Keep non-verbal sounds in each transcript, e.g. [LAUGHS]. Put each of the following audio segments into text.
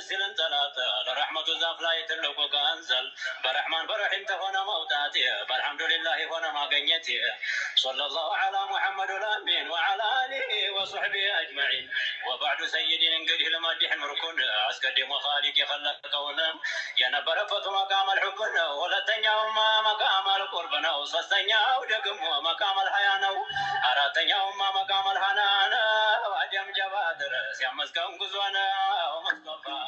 سيل انتلات لرحمة زاف لا يتلوك كانزل برحمن برحمة هنا موتاتي بالحمد لله هنا ما قنيتي صلى الله على محمد الأمين وعلى آله وصحبه أجمعين وبعد سيدي ننقله لما ديح مركون أسكد مخالك يخلق كونم يا نبر فتو مقام الحبن ولا تنيا وما مقام القربن وصستنيا ودقم ومقام الحيان أرى تنيا مقام الحنان وعجم جبادر سيامس كم قزوانا ومصطفى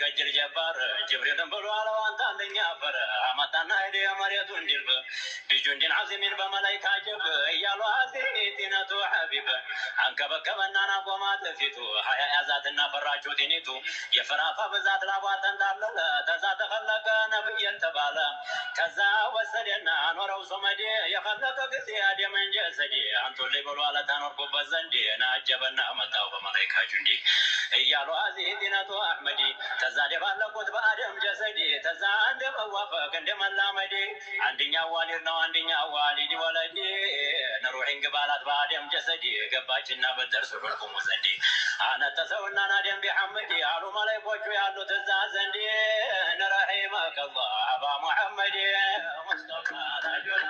ከጅር ጀባር ጅብሪልን ብሏል ጅብሪል በመላይካ ጀብ እያሉ አዜ ጤነቱ ሐቢብ አንከበከበና ናቆማት ፊቱ ሀያ ያዛትና ፈራችሁ ቲኒቱ የፍራፋ ብዛት ላቧ ተንጣለለ ተዛ ተፈለቀ ነብየን ተባለ ከዛ ወሰደና አኖረው ሶመዴ የፈለቀ ጊዜ አደመንጀ እንጂ ሰዴ አንቱ ላይ በሎ አለት አኖርኩበት ዘንድ ናጀበና መጣው በመላይካ ጁንዲ እያሉ አዜ ጤነቱ አሕመዲ ተዛ ደባለቁት በአደም ጀሰዴ ተዛ እንደመዋፈቅ እንደመላመዴ አንደኛ ዋሊር ነው አንደኛ ዋሊ ወሊድ ወለዲ ንሩሕ እንግባላት ብኣድም ጀሰዲ ገባችና በደርሱ በልኩሙ ዘንዲ ኣነ ተሰውና ቢሐምዲ አሉ መላይኮቹ ያሉ ትዛ ዘንዲ ንረሒመከላ አባ ሙሐመድ ሙስጠፋ ታጆላ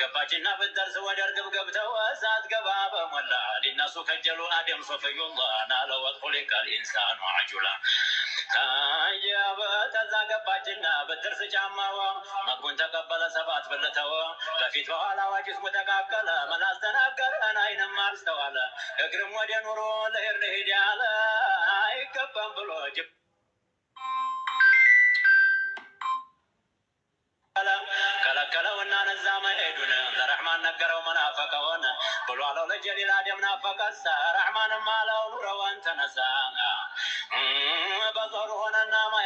ገባችና ብትደርስ ወደ እርግብ ገብተው እሳት ገባ በሞላ ሊነሱ ከጀሉ አደም ሶፍዩላ ናለ ወጥቁሊቀል ኢንሳኑ አጁላ ታየበ ተዛ ገባችና ብትደርስ ጫማዋ መግቡን ተቀበለ ሰባት ብልተወ በፊት በኋላ ዋጭስ ሙተቃቀለ መላስተናገረን አይንም አልስተዋለ እግርም ወደ ኑሮ ለሄድ ለሄድ ያለ አይገባም ብሎ جليل آدم نافقت رحمن ما لو نور وانت نسانا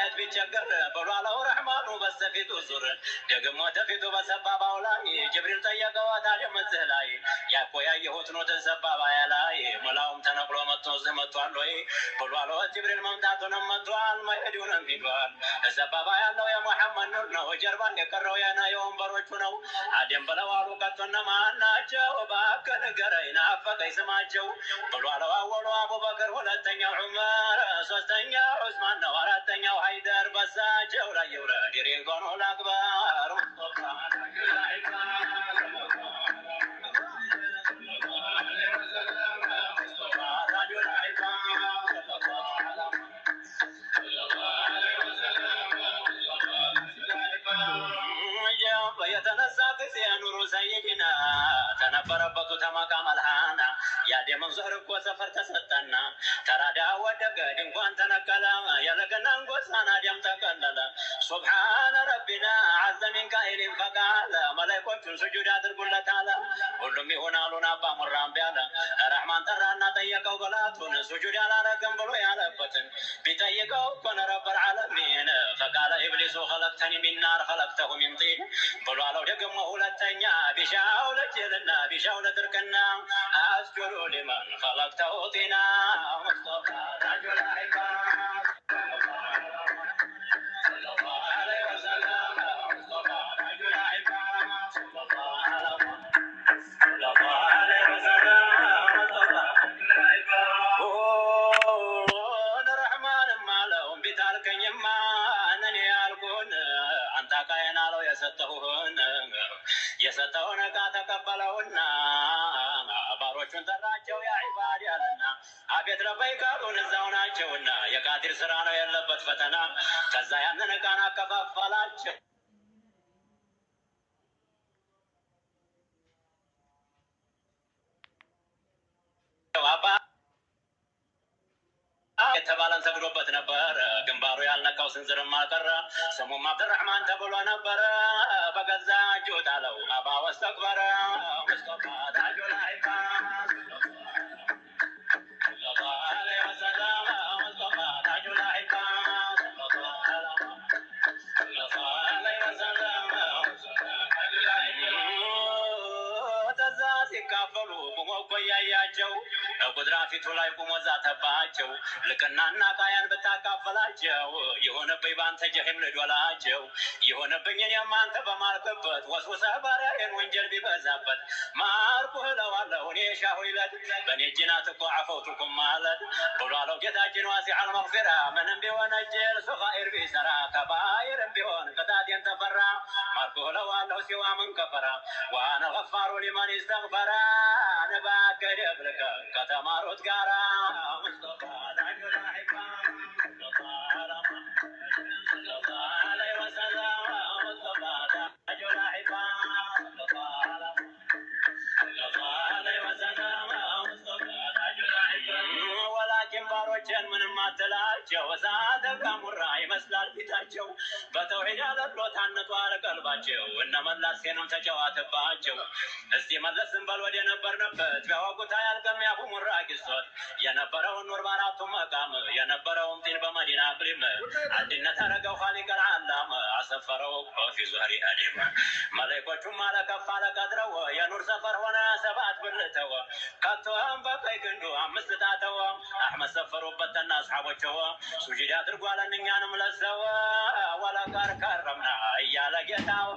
በማየት ቢቸገር በኋላው ረሕማኑ በሰፊቱ ዙር ደግሞ ተፊቱ በሰባባው ላይ ጅብሪል ጠየቀዋ ታዲያ መዝህ ላይ ያኮ ያየሁት ኖትን ሰባባያ ላይ ሙላውም ተነቅሎ መጥቶ ዝህ መጥቷል ወይ ብሏለው ጅብሪል መምጣቱንም መጥቷል መሄዱንም ሂዷል ሰባባ ያለው የሙሐመድ ኑር ነው ጀርባ የቀረው የና የወንበሮቹ ነው አደም ብለው አሉ ቀጥነ ማናቸው እባክህ ንገረኝ ናፈቀኝ ስማቸው ብሏለው አወሉ አቡበክር ሁለተኛው ዑመር ሶስተኛው ዑስማን ነው አራተኛው ሀይ ይደር በሳቸው ላይ ይውረድ የሬንጎኖ ላግባ የአደመው ዘር እኮ ሰፈር ተሰጠና ተራዳ ወደገ ድንኳን ተነቀለ ያለገናን ጎሳን አደም ተቀለለ ሱብሓነ ኃይልም ከቃለ መላእክቶቹን ስጁድ አድርጉለት ሁሉም ይሆናሉን አባ ሙራም ቢያለ ረሕማን ጠራና ጠየቀው ገላቱን ስጁድ አላረግም ብሎ ያለበትን ቢጠይቀው ኮነ ረበር ዓለሚን ፈቃለ ኢብሊሱ ኸለቅተኒ ሚናር ኸለቅተሁ ሚን ብሎ አለው። ደግሞ ሁለተኛ ቢሻው ለጅልና ቢሻው ለድርቅና አስጁዱ ሊመን ኸለቅተሁ ጢና ሙስጠፋ የገቡበት ፈተና። ከዛ ያንን ዕቃን አከፋፈላቸው። የተባለን ተብሎበት ነበር። ግንባሩ ያልነካው ስንዝርም አልቀረ። ስሙም አብድራህማን ተብሎ ነበረ። በገዛ እጁ ጣለው አባ ወስተክበረ ሙስጠፋ ታጁና quadrato ፊቱ ላይ ቁሞ ዛተባቸው። ልቅናና ቃያን ብታካፈላቸው የሆነብኝ ባንተ ጀሂም ልዶላቸው የሆነብኝ እኔም አንተ በማልክበት ወስውሰህ ባሪያህን ወንጀል ቢበዛበት ማርኩህ እለዋለሁ እኔ ሻሁ ይለት በእኔ እጅ ናት እኮ አፈውቱኩም ማለት ብሏለው ጌታችን ዋሲዐል መክፊራ ምንም ቢሆን እጅል ሶኻኢር ቢሰራ ከባይርም ቢሆን ቅጣቴን ተፈራ ማርኩህ እለዋለሁ ሲዋ ምን ከፈራ ዋነ ገፋሩ ሊመን ይስተግፈራ ንባከደብልከ ከተማሩት got out. የማትላቸው እሳተ ገሞራ ይመስላል ፊታቸው በተውሂድ አለቅሎት አነጧል ቀልባቸው። እነ መላሴንም ተጨዋተባቸው። እስቲ መለስን በል ወደ ነበርንበት ቢያወቁታ ያልቀም ያፉ ሙራ ጊሶት የነበረውን ኑር በአራቱ መቃም የነበረውን ጢን በመዲና አቅሊም አንድነት አረገው ኻሊቀል ዓላማ ሰፈረው ፊ ዙህሪ አሊማ መላይኮቹም አለከፍ አለቀጥረው የኑር ሰፈር ሆነ ሰባት ብልተው ከቶም በቀይ ግንዱ አምስት ጣተው አሕመድ ሰፈሩበትና አስሓቦቸው ሱጅድ አድርጓለን እኛንም ለሰው ወለቀር ከረምና እያለ ጌታው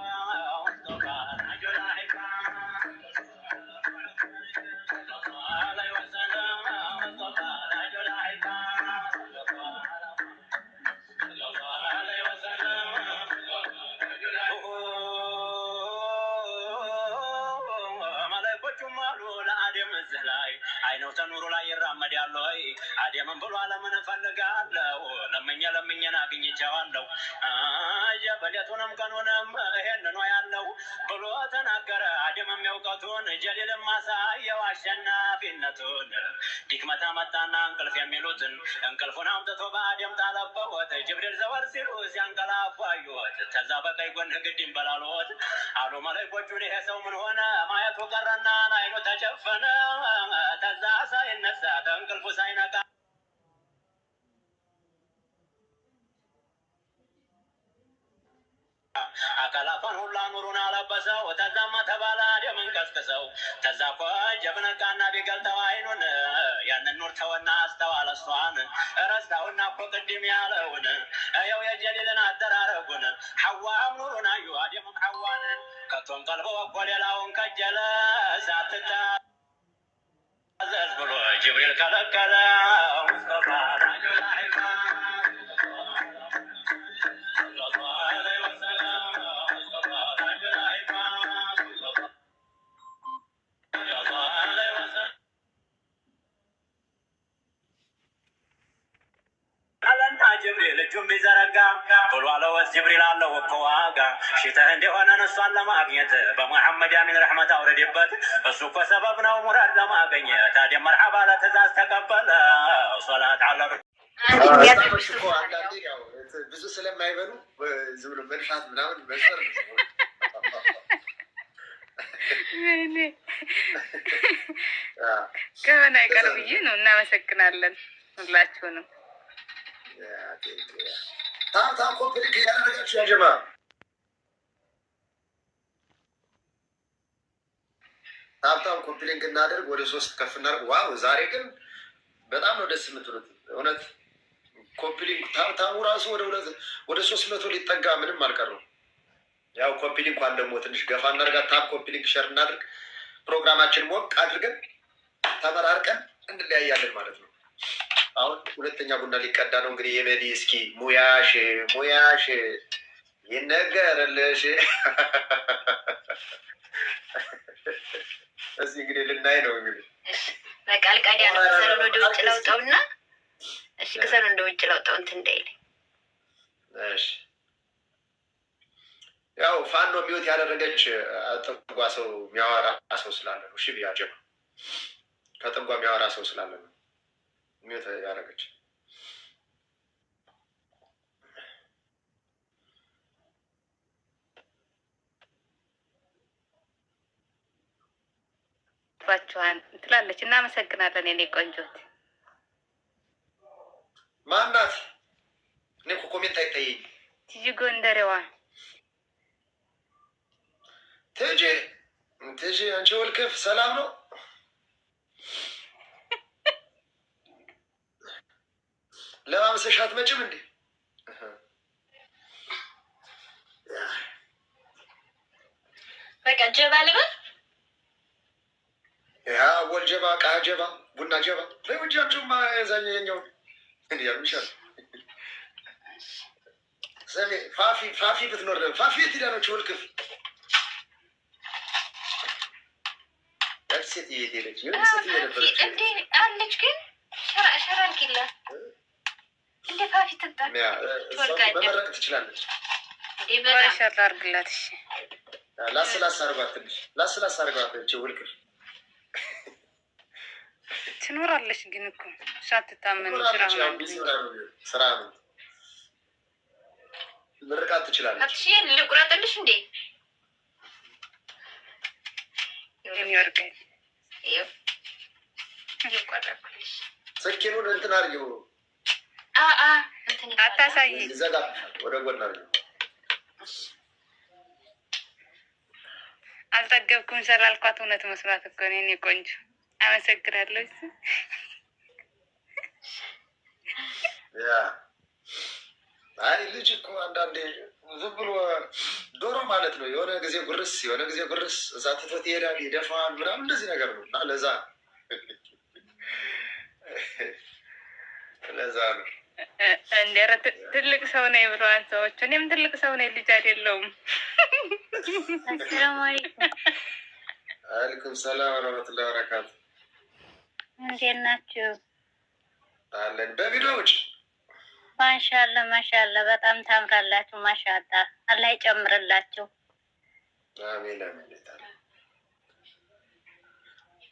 ኑሮ ላይ ይራመዳለ ወይ አደምን ብሎ አለምን እፈልጋለሁ ለምኘ ለምኜን አግኝቼዋለሁ የበሌቱንም ቀኑንም ይሄንኖ ያለው ብሎ ተናገረ። አደምም የእውቀቱን ጀሌል ማሳየው አሸናፊነቱን ዲክመታ መጣና እንቅልፍ የሚሉትን እንቅልፉን አምጥቶ በአደም ጣለበት። ጅብሪል ዘወር ሲሉ ሲያንቀላፉ ከዛ በቀይ ጎን ግድም በላልዎት አሉ መላእክቶቹን ይሄ ሰው ምን ሆነ? ማየቱ ቀረና አይኑ ተጨፈነ። ተዛ ሳይነሳ ከእንቅልፉ ሳይነቃ አካላፋን ሁላ ኑሩን አለበሰው። ተዛማ ተባለ ደምን ቀስቅሰው። ተዛ ኮጅ ቢገልጠው አይኑን ያንን ኑር ተወና አስተዋለ እሷን ረስታውና እኮ ቅድም ያለውን ያው የጀሊልን አደራረጉን ሐዋም ኑሩን አዩ አደምም ሐዋንን ከቶም ቀልቦ እኮ ሌላውን ከጀለ ሳትታ got cara got cara. ጅብሪል አለው እኮ ዋጋ ሽተህ እንደሆነ እሷን ለማግኘት በመሐመድ አሚን ረሕመት አውረድበት። እሱ እኮ ሰበብ ነው ሙራድ ለማገኘት። ታዲያ መርሓባ ለትእዛዝ ተቀበለ ሶላት አለ ብዙ ስለማይበሉ ዝብሎ መልሓት ምናምን ይመስር ከሆነ አይቀር ብዬ ነው። እናመሰግናለን ሁላችሁንም። ታም ታም ኮምፕሊክ እያደረጋችሁ ያጀማ ታምታም ኮምፕሊንግ እናደርግ ወደ ሶስት ከፍ እናደርግ። ዋው ዛሬ ግን በጣም ነው ደስ የምትሉት እውነት። ኮምፕሊንግ ታምታሙ ራሱ ወደ ሶስት መቶ ሊጠጋ ምንም አልቀሩም። ያው ኮምፕሊንግ እንኳን ደግሞ ትንሽ ገፋ እናደርጋት። ታም ኮምፕሊንግ ሸር እናድርግ። ፕሮግራማችን ሞቅ አድርገን ተመራርቀን እንለያያለን ማለት ነው። አሁን ሁለተኛ ቡና ሊቀዳ ነው። እንግዲህ የሜዲ እስኪ ሙያሽ ሙያሽ ይነገርልሽ። እዚህ እንግዲህ ልናይ ነው። እንግዲህ በቃ ነው። ከሰሉን ወደ ውጭ ለውጠው እና እሺ፣ ከሰሉን እንደ ውጭ ለውጠው እንትን እንዳይል እሺ። ያው ፋኖ ሚውት ያደረገች ጥንጓ ሰው የሚያወራ ሰው ስላለ ነው። እሺ ብያጀማ ከጥንጓ የሚያወራ ሰው ስላለ ነው። ሜት ያደረገች ባችኋን ትላለች። እናመሰግናለን የኔ ቆንጆት ማናት? እኔ እኮ ኮሜንት አይታየኝ። ትጂ ጎንደሬዋ ትጂ ትጂ አንቺ ወልክፍ ሰላም ነው ለማምሰሻ አትመጭም እንዴ? በቃ ጀባ ልበል። ያ ወል ጀባ፣ ቃ ጀባ፣ ቡና ጀባ ወጃችሁማ ዛኛ የኛውን እንዲ ያምሻል ይሻል። ፋፊ ፋፊ ብትኖር ፋፊ የት ሄዳ ነው? ችውልክፍ ሴት ሄደች ሴት ነበረች አለች ግን ሸራ ሸራ አልኪላ እንደ ፋፊት መመረቅ ትችላለች። ሻላ አርግላት። እሺ ላስላስ አርባት፣ ትንሽ ላስላስ አርባት። እች ውልቅ ትኖራለች፣ ግን እኮ ሳትታመን ስራ ነው። ምርቃት ትችላለች። ልቁረጥልሽ እንዴ? ስኪኑን እንትን አርጊው አታሳይ። አልጠገብኩም ስላልኳት እውነት መስራት እኮ ነው። እኔ ቆንጆ አመሰግናለሁ። አይ ልጅ እኮ አንዳንዴ ዝም ብሎ ዶሮ ማለት ነው። የሆነ ጊዜ ጉርስ፣ የሆነ ጊዜ ጉርስ፣ እዛ ትቶት ይሄዳል፣ ይደፋል፣ ምናምን እንደዚህ ነገር ነው እና ለዛ [LAUGHS] ለዛ ነው እንደረ ትልቅ ሰው ነኝ ብለዋል ሰዎች። እኔም ትልቅ ሰው ነኝ ልጅ አይደለሁም። አሰላሙ አለይኩም ሰላም ወረመቱላ በረካቱ። እንዴት ናችሁ? አለን በቢሎ ውጭ ማሻላ ማሻላ፣ በጣም ታምራላችሁ። ማሻላ አላህ ይጨምርላችሁ። አሜን አሜን።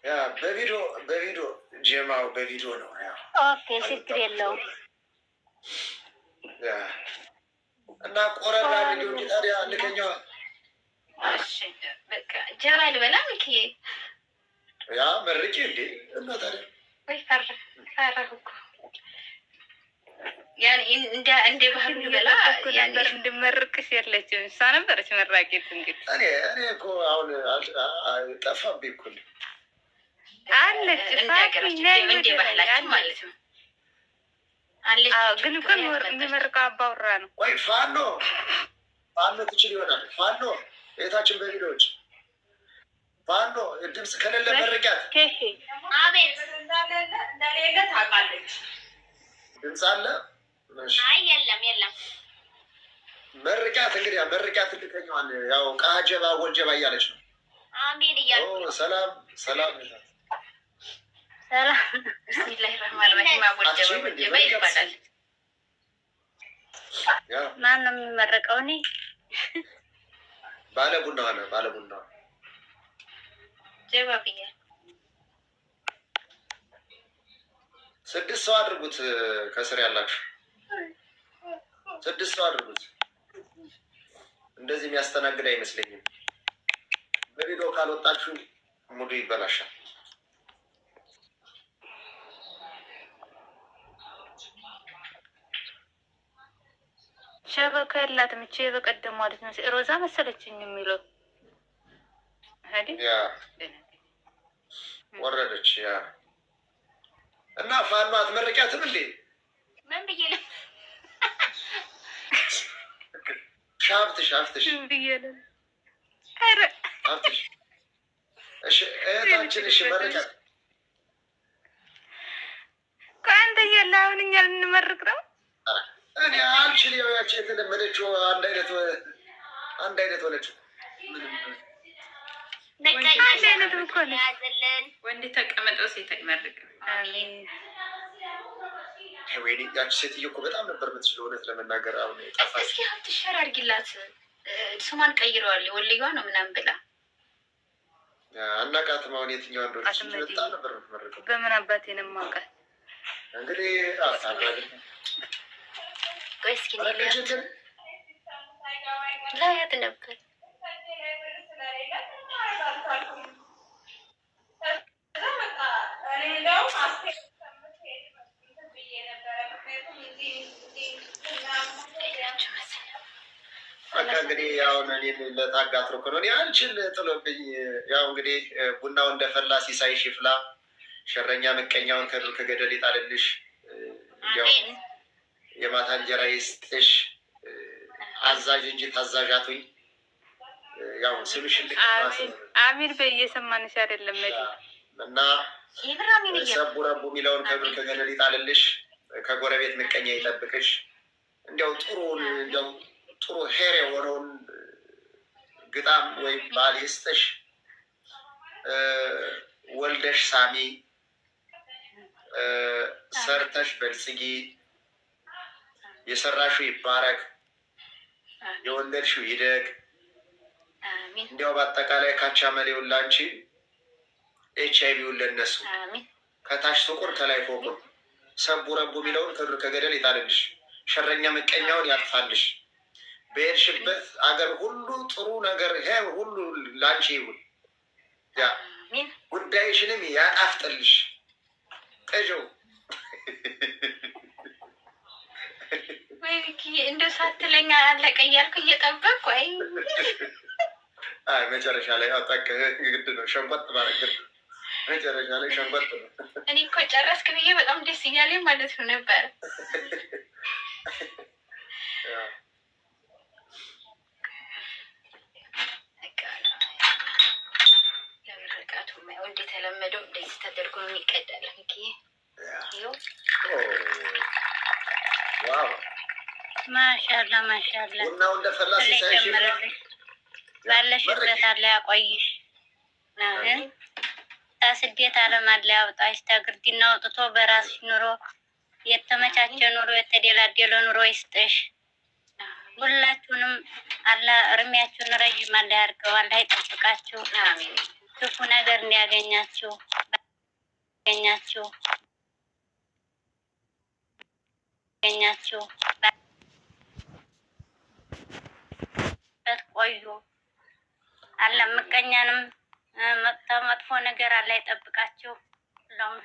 ያ በቪዲዮ በቪዲዮ ጀማው በቪዲዮ ነው። ኦኬ ችግር የለውም። እና ቆረላ ቪዲዮ ታዲያ ልከኛዋ ጀባ ልበላ ምክዬ ያ መርቂ እንዴ እንደ ባህል ልበላ ነበር። እንድመርቅሽ የለችም እሷ ነበረች መራቂት። እንግዲህ እኔ እኮ አሁን ጠፋብኝ እኮ አለች ባህላችን ማለት ነው። ግን እኮ የሚመርቀው አባውራ ነው። ቆይ ፋኖ ፋኖ ትችል ይሆናል። ፋኖ ቤታችን ፋኖ ድምፅ ከሌለ መርቂያት እንደሌለ ታውቃለች። ድምፅ አለ የለም የለም መርቂያት እንግዲህ መርቂያት ያው ቃጀባ ወልጀባ እያለች ነው። አሜን ሰላም ሰላም ማን ነው የሚመረቀው? እኔ ባለ ቡና ነው። ባለ ቡና ጀባ ስድስት ሰው አድርጉት። ከስር ያላችሁ ስድስት ሰው አድርጉት። እንደዚህ የሚያስተናግድ አይመስለኝም። በቪዲዮ ካልወጣችሁ ሙሉ ይበላሻል። ሸበካ የላትም። ምቼ በቀደም ማለት ነው ሮዛ መሰለችኝ የሚለው ወረደች። ያ እና ፋኗ አትመርቂያትም እንዴ? ምን ብዬ ነው ሻፍትሽ ሻፍትሽ ብዬ ነው ከአንተ እያለ አሁን እኛ ልንመርቅ ነው መቼ የተለመደችው አንድ አይነት አንድ አይነት ሆነች። ወንድ ተቀመጠው ሴት አይመርቅም። ወይኔ ያቺ ሴትዮ እኮ በጣም ነበር የምትችለው እውነት ለመናገር አሁን ጠፋች። እስኪ አትሸር አድርጊላት ስሟን ቀይረዋል ወልዩዋ ነው ምናምን ብላ አናቃትም። አሁን የትኛው እንደሆነች በጣም ነበር የምትመርቀው። በምን አባቴ ነው የማውቃት እንግዲህ ወይስ ግን ላያት ነበር እንግዲህ ያሁን እኔን ለጣጋ አትርኮ ነው አንቺን ጥሎብኝ። ያው እንግዲህ ቡናው እንደፈላ ሲሳይ ይፍላ፣ ሸረኛ ምቀኛውን ከዱር ከገደል ይጣልልሽ። የማታ እንጀራ ይስጥሽ አዛዥ እንጂ ታዛዥ አትሁኝ። ያው ስምሽን ልክ አሚር በየሰማንሽ አይደለም እና ሰቡ ረቡ የሚለውን ከብር ከገደል ይጣልልሽ፣ ከጎረቤት ምቀኛ ይጠብቅሽ። እንዲያው ጥሩን እንዲያው ጥሩ ሄር የሆነውን ግጣም ወይም ባል ይስጥሽ። ወልደሽ ሳሚ፣ ሰርተሽ በልጽጊ የሰራሽው ይባረክ፣ የወለድሽው ይደግ። እንዲያው በአጠቃላይ ካቻመሌውን ላንቺ፣ ኤች አይ ቪውን ለነሱ፣ ከታች ጥቁር ከላይ ፎቁር፣ ሰቡ ረቡ የሚለውን ከዱር ከገደል ይጣልልሽ፣ ሸረኛ ምቀኛውን ያጥፋልሽ። በሄድሽበት አገር ሁሉ ጥሩ ነገር ይሄ ሁሉ ላንቺ ይሁን። ያ ጉዳይሽንም ያጣፍጥልሽ። ቀጀው በልኪ እንደው ሳትለኝ አለቀ እያልኩ እየጠበቅኩ አይ አይ መጨረሻ ላይ አጣቀ ግድ ነው ሸንቆጥ ማድረግ መጨረሻ ላይ ሸንቆጥ ነው። እኔ እኮ ጨረስክ ብዬ በጣም ደስ እያለኝ ማለት ነው ነበር። እንደተለመደው እንደዚህ ተደርጎ የሚቀዳል ይ ማሻላ ማሻላ ጨምርልሽ፣ ባለሽበት አለ ያቆይሽ። ከስደት ዓለም አለ ያውጣሽ። ተግርድና አውጥቶ በራስሽ ኑሮ የተመቻቸ ኑሮ የተደላደለ ኑሮ ይስጥሽ። ሁላችሁንም አላ እርሚያችሁን ረዥም አላ ያድርገው። አላ ይጠብቃችሁ። ክፉ ነገር እንዲያገኛችሁ ያገኛችሁ ያገኛችሁ ሲያደርጉበት ቆዩ። አለ ምቀኛንም መጥፎ ነገር አለ ይጠብቃቸው። ሎም